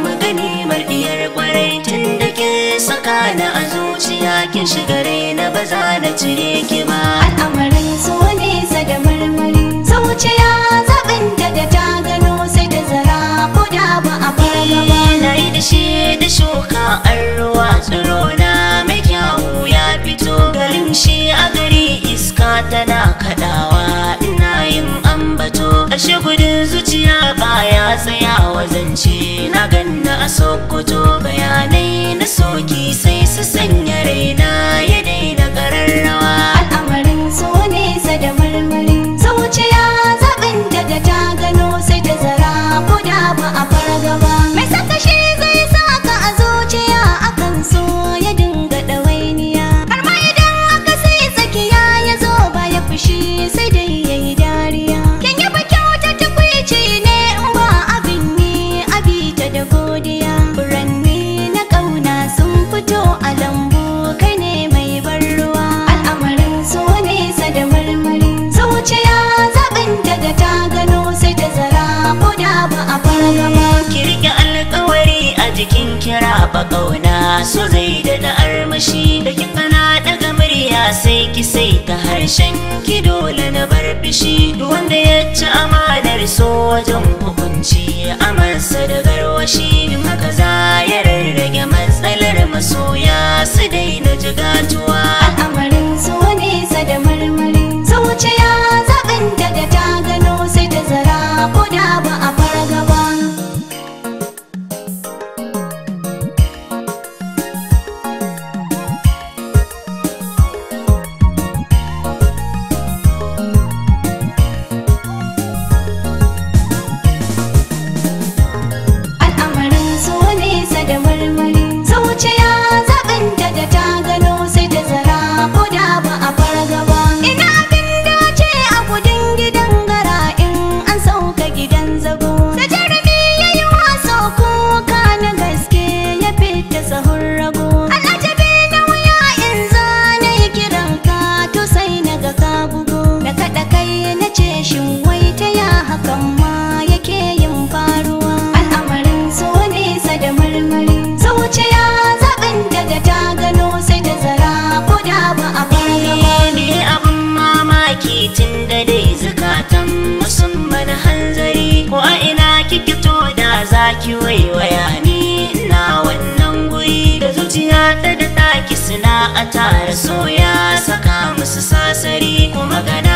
samu ganimar diyar kwarai tun da ke saka na a zuciya kin shiga na ba za na cire ki ba al'amarin so ne da marmari zuciya zaɓin daga ta gano sai da zara ko da ba a fara ba eh, na yi da shi da shuka an ruwa tsiro na mai kyawu ya fito garin shi a gari iska tana kaɗawa ina yin ambato ashe gudun zuciya wajen zance na ganna a sokoto bayanai na soki sai su sanya zama riƙe alƙawari a jikin kira ba Su so zai da armashi da kin kana murya sai ki sai ta harshen ki dole na bar fishi wanda ya ci amanar so wajen hukunci amarsa da garwashi in haka za ya rarrage matsalar masoya su daina jigatuwa ki waiwaya ni ina wannan guri da zuciya ta da taki suna a tare ya saka musu sasari kuma gana